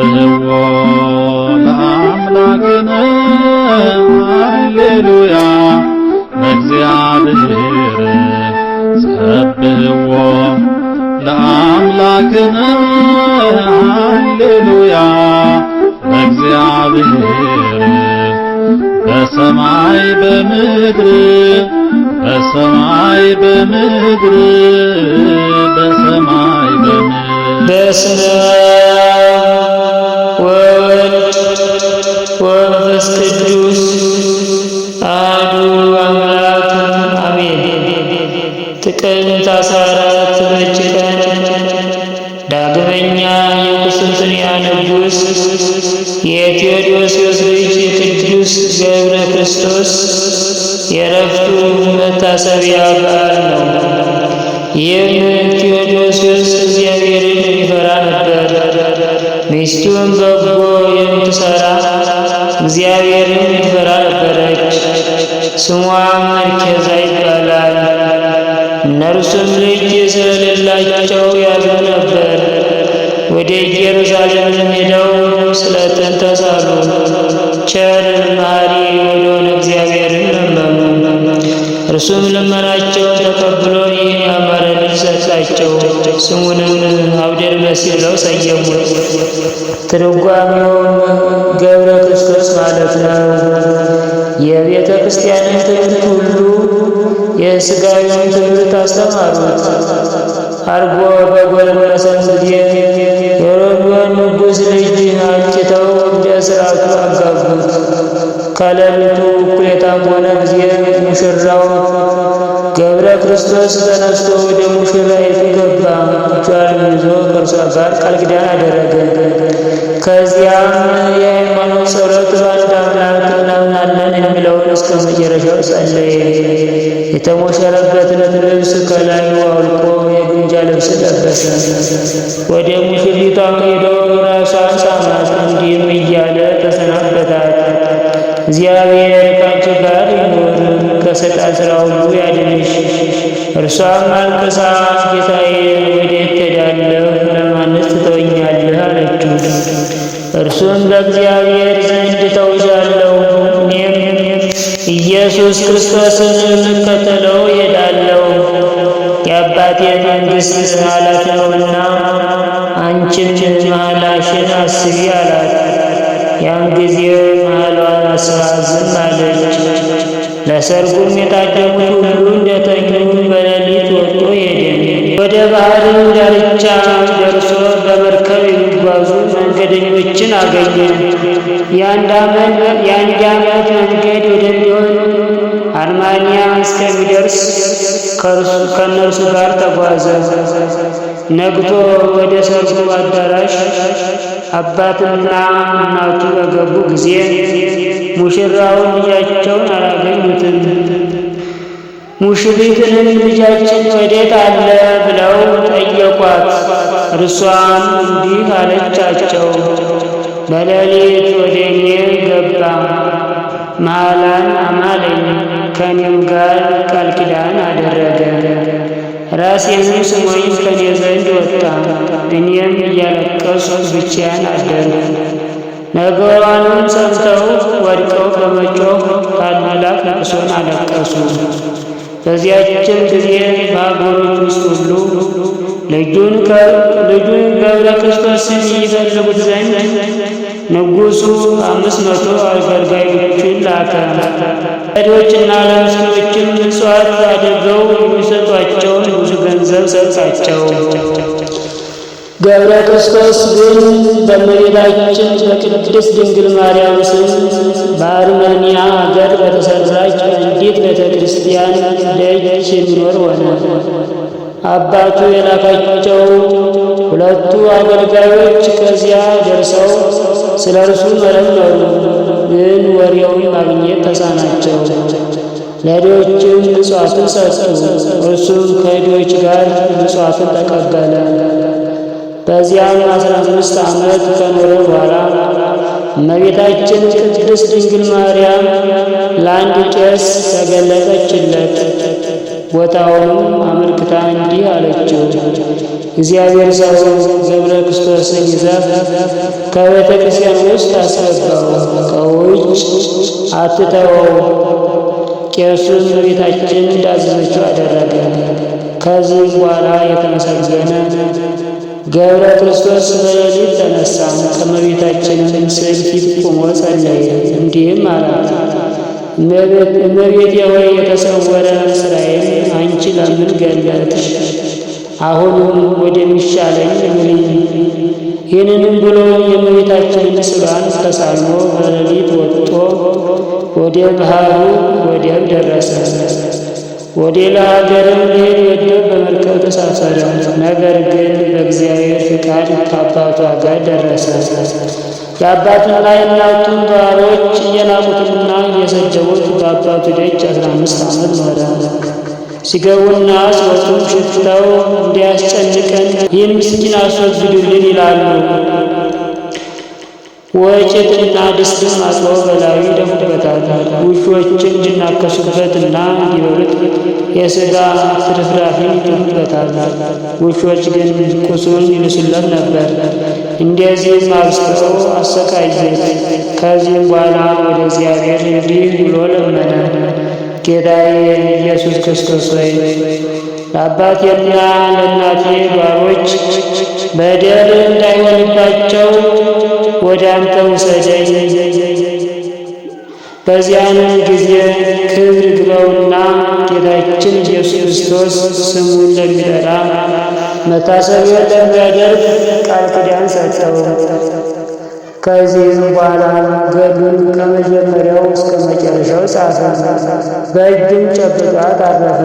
እህዎ ለአምላክነ ሃሌሉያ ለእግዚአብሔር ሰብህዎ ለአምላክነ ሃሌሉያ ለእግዚአብሔር በሰማይ በምድር በሰማይ በምድር በሰማይ በምድር አሐዱ አምላክ አሜን። ጥቅምት አስራ አራት ቀን ዳግመኛ የቁስጥንጥንያ ንጉሥ የቴዎዶስዮስ ልጅ ቅዱስ ገብረ ክርስቶስ የዕረፍቱ መታሰቢያ በዓል ነው። ይህም ቴዎዶስዮስ እግዚአብሔርን ይፈራ ነበር፣ ሚስቱን በጎ የምትሠራ እግዚአብሔርን ስሟም መርኬዛ ይባላል። እነርሱም ልጅ ስለሌላቸው ያዙ ነበር። ወደ ኢየሩሳሌም ሄደው ስለትን ተሳሉ። ቸር መሐሪ ወደሆነ እግዚአብሔርን ለመኑ። እርሱም ልመናቸውን ተቀብሎ ይህን ያማረ ልጅ ሰጣቸው። ስሙንም አውደ መሲህ ብለው ሰየሙት። ትርጓሜውም ገብረ ክርስቶስ ማለት ነው። የቤተ ክርስቲያንን ትምህርት ሁሉ የሥጋዊውን ትምህርት አስተማሩት። አርጎ በጎለመሰም ጊዜ የሮሚዮን ንጉሥ ልጅ አንጭተው እንደ ሥርዓቱ አጋቡት። ከሌሊቱ እኩሌታ በሆነ ጊዜ ሙሽራው ገብረ ክርስቶስ ተነስቶ ወደ ሙሽራይቱ ገባ። እጇን ይዞ ከእርሷ ጋር ቃል ኪዳን አደረገ። ከዚያም የሃይማኖት ጸሎት በአንድ አምላክ እናምናለን አሜን የሚለውን እስከ መጨረሻው ጸለየ። የተሞሸረበትን ልብስ ከላዩ አውልቆ የግምጃ ልብስ ለበሰ። ወደ ሙሽሪቷ ሄዶ ራሷን ሳማት፣ እንዲህም እያለ ተሰናበታት። እግዚአብሔር ከአንቺ ጋር ይኖር ከሰይጣን ሥራ ሁሉ ያድንሽ። እርሷም አልቅሳ ጌታዬ ወዴት ትሄዳለህ? ለማንስ ትተወኛለህ? አለችው። እርሱም በእግዚአብሔር ዘንድ ተውሻለሁ ኢየሱስ ክርስቶስን የምከተለው እሄዳለሁ፣ የአባቴ መንግሥት አላት ነውና አንቺም መሐላሽን አስቢ አላት። ያን ጊዜ መሐሏን አስባ ዝም አለች። ለሰርጉም የታደሙት ሁሉ እንደተኙ በሌሊት ወጥቶ ሄደ። ወደ ባህር ዳርቻ ደርሶ በመርከብ የሚጓዙ መንገደኞችን አገኘ። የአንድ ዓመት መንገድ ወደሚሆን አርማንያ እስከሚደርስ ከእነርሱ ጋር ተጓዘ። ነግቶ ወደ ሰርጉ አዳራሽ አባትና እናቱ በገቡ ጊዜ ሙሽራውን ልጃቸውን አላገኙትም። ሙሽሪትንም ልጃችን ወዴት አለ ብለው ጠየቋት። እርሷም እንዲህ አለቻቸው በሌሊት ወደ እኔ ገባ፣ ማላን አማለኝ፣ ከኔም ጋር ቃል ኪዳን አደረገ። ራሴንም ስሞኝ ከኔ ዘንድ ወጣ፣ እኔም እያለቀሱ ብቻዬን አደረ። ነገሯንም ሰምተው ወድቀው በመጮህ ታላቅ ልቅሶን አለቀሱ። በዚያችን ጊዜ በአገሮች ውስጥ ሁሉ ልጁን ገብረ ክርስቶስን ይፈልጉት ዘንድ ንጉሱ አምስት መቶ አገልጋዮችን ላከ። ቀሪዎችና ለምስኪኖችም ምጽዋት አድርገው የሚሰጧቸውን ብዙ ገንዘብ ሰጣቸው። ገብረ ክርስቶስ ግን በእመቤታችን በቅድስት ድንግል ማርያም ስም በአርመንያ አገር በተሰራች አንዲት ቤተ ክርስቲያን ደጅ የሚኖር ሆነ። አባቱ የላካቸው ሁለቱ አገልጋዮች ከዚያ ደርሰው ስለ እርሱ መረመሩ፣ ግን ወሬውን ማግኘት ተሳናቸው። ለድሆችም ምጽዋትን ሰጡ፣ እርሱም ከድሆች ጋር ምጽዋትን ተቀበለ። በዚያም አስራ አምስት ዓመት ከኖረ በኋላ እመቤታችን ቅድስት ድንግል ማርያም ለአንድ ቄስ ተገለጠችለት። ቦታውንም አመልክታ እንዲህ አለችው። እግዚአብሔር ሰው ገብረ ክርስቶስን ይዛ ከቤተ ክርስቲያን ውስጥ አስገባው፣ ከውጭ አትተወው። ቄሱም ቤታችን እንዳዘዘችው አደረገ። ከዚህ በኋላ የተመሰገነ ገብረ ክርስቶስ በሌሊት ተነሳ፣ ከእመቤታችንም ስዕል ፊት ቆሞ ጸለየ። እንዲህም አላት፦ እመቤቴ ሆይ የተሰወረ ስራዬን አንቺን ምን ገለጥሽ? አሁንም ወደሚሻለኝ እምሪኝ። ይህንንም ብሎ የመቤታችን ስራን ተሳልሞ በሌሊት ወጥቶ ወደ ባህሩ ወደብ ደረሰ። ወደ ለሀገርም ሊሄድ በመርከብ ተሳፈረ። ነገር ግን በእግዚአብሔር ፍቃድ ከአባቷ ጋር ደረሰ። የአባቱና የእናቱን ባሮች እየናቁትና እየሰጀቦች በአባቱ ደጅ አስራ አምስት ዓመት ኖረ። ሲገቡና ሲወጡም ሽፍተው እንዲያስጨንቀን ይህን ምስኪን አስወግዱልን ይላሉ። ወጭትና ድስትም አጥበው በላዩ ይደፉበታል። ውሾች እንዲናከሱበትና እንዲበሉት የሥጋ ትርፍራፊ ይደፉበታል። ውሾች ግን ቁስሉን ይልሱለት ነበር። እንደዚህም አብስተው አሰቃየት። ከዚህም በኋላ ወደ እግዚአብሔር እንዲህ ብሎ ለመነ ጌታዬ ኢየሱስ ክርስቶስ ሆይ ለአባቴና ለእናቴ ባሮች በደል እንዳይሆንባቸው ወደ አንተ ውሰደኝ። በዚያን ጊዜ ክብር ግባውና ጌታችን ኢየሱስ ክርስቶስ ስሙን ለሚጠራ መታሰቢያ ለሚያደርግ ቃል ኪዳን ሰጠው። ከዚህም በኋላ ገድሉን ከመጀመሪያው እስከ ሰው ሳተ፣ በእጅም ጨብጧት አረፈ።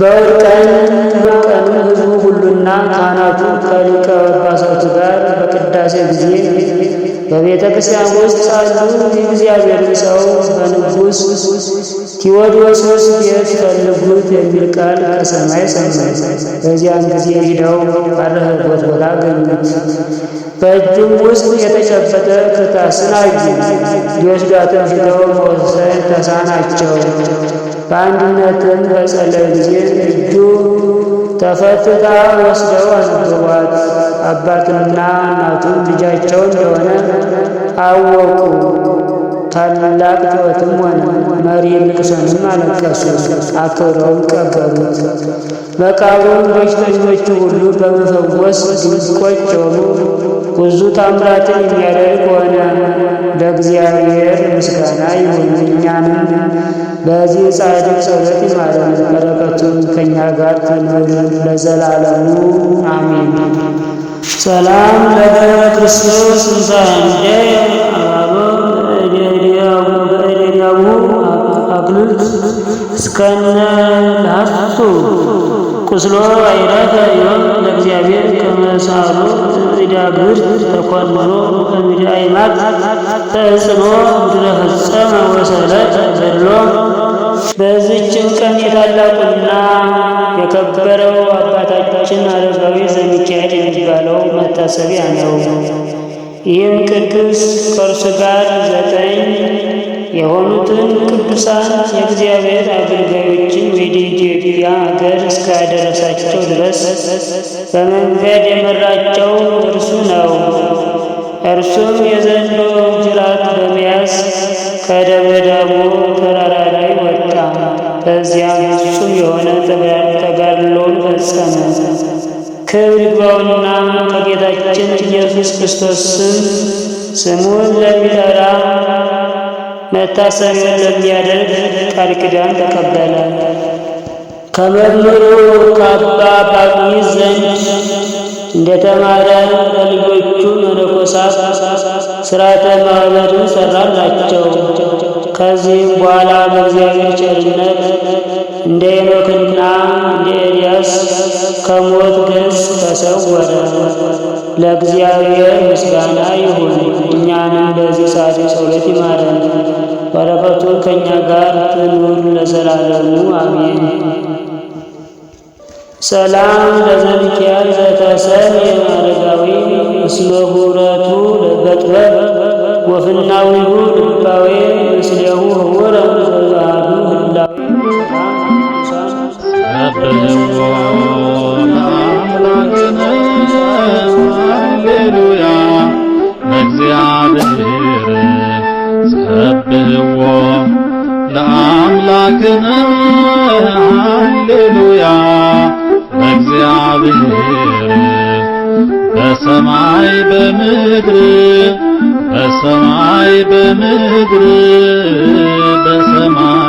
በእሑድ ቀን ህዝቡ ሁሉና ካህናቱ ከሊቀ ጳጳሳቱ ጋር በቅዳሴ ጊዜ በቤተ ክርስቲያን ውስጥ ሳሉ የእግዚአብሔርን ሰው በንጉሥ ቴዎዶስዮስ ቤት ዮሴፍ የሚል ቃል ከሰማይ ሰማይ። በዚያን ጊዜ ሂደው ባረፈበት ቦታ አገኙት። በእጁም ውስጥ የተጨበጠ ክርታስን አዩ። ሊወስዷትም ሂደው መውሰድ ተሳናቸው። በአንድነትም በጸለዩ ጊዜ እጁ ተፈትታ ወስደው አስገቧት። አባትና እናቱ ልጃቸው እንደሆነ አወቁ። ታላቅ ጩኸትም ሆነ፣ መሪ ልቅሶንም አለቀሱ፣ አክብረውም ቀበሩት። መቃብሩም በሽተኞቹ ሁሉ በመፈወስ ድንቆች ሆኑ። ብዙ ታምራትን የሚያደርግ ሆነ። ለእግዚአብሔር ምስጋና ይሁን፣ እኛንም በዚህ ጻድቅ ጸሎት ይማረን፣ በረከቱም ከእኛ ጋር ትኑር ለዘላለሙ አሜን። ሰላም ለገብረ ክርስቶስ እንዛ እስከነ ላፍቱ ቁስሎ አይራከ ይሆን ለእግዚአብሔር ከመሳሉ ኢዳግር ተኮንኖ በሚዳይማት ተጽኖ ምድረ ፈጸመ ወሰለት ዘሎ በዚህችም ቀን የታላቁና የከበረው አባታችን አረጋዊ ዘሚካኤል የሚባለው መታሰቢያ ነው። ይህም ቅዱስ ከእርሱ ጋር ዘጠኝ የሆኑትን ቅዱሳን የእግዚአብሔር አገልጋዮችን ወደ ኢትዮጵያ አገር እስካደረሳቸው ድረስ በመንገድ የመራቸው እርሱ ነው። እርሱም የዘንዶ ጅራት በመያዝ ከደብረ ዳሞ ተራራ ላይ ወጣ። በዚያም እሱ የሆነ ተጋድሎን ፈጸመ። ክብር ይግባውና ከጌታችን ኢየሱስ ክርስቶስ ስም ስሙን ለሚጠራ መታሰቢያን ለሚያደርግ ቃል ኪዳን ተቀበለ። ከመምህሩ ከአባ ጳኩሚስ ዘንድ እንደተማረ ለልጆቹ መነኮሳት ሥርዓተ ማኅበርን ሠራላቸው። ከዚህም በኋላ በእግዚአብሔር ቸርነት እንደ ሄኖክና እንደ ኤልያስ ከሞት ገጽ ተሰወረ። ለእግዚአብሔር ምስጋና ይሁን። እኛንም በዚህ ሰዓት የሰው ይማረን፣ በረከቱ ከእኛ ጋር ትኑር ለዘላለሙ አሜን። ሰላም ለዘንኪያ ዘተሰብ የማረጋዊ እስመ ሁረቱ በጥበብ ወፍናዊሁ ልባዌ ምስሌሁ ህወረ ዘባህዱ ህላዊ ሳ አምላክን ሃሌሉያ እግዚአብሔር በሰማይ በምድር በሰማይ በምድር በሰማይ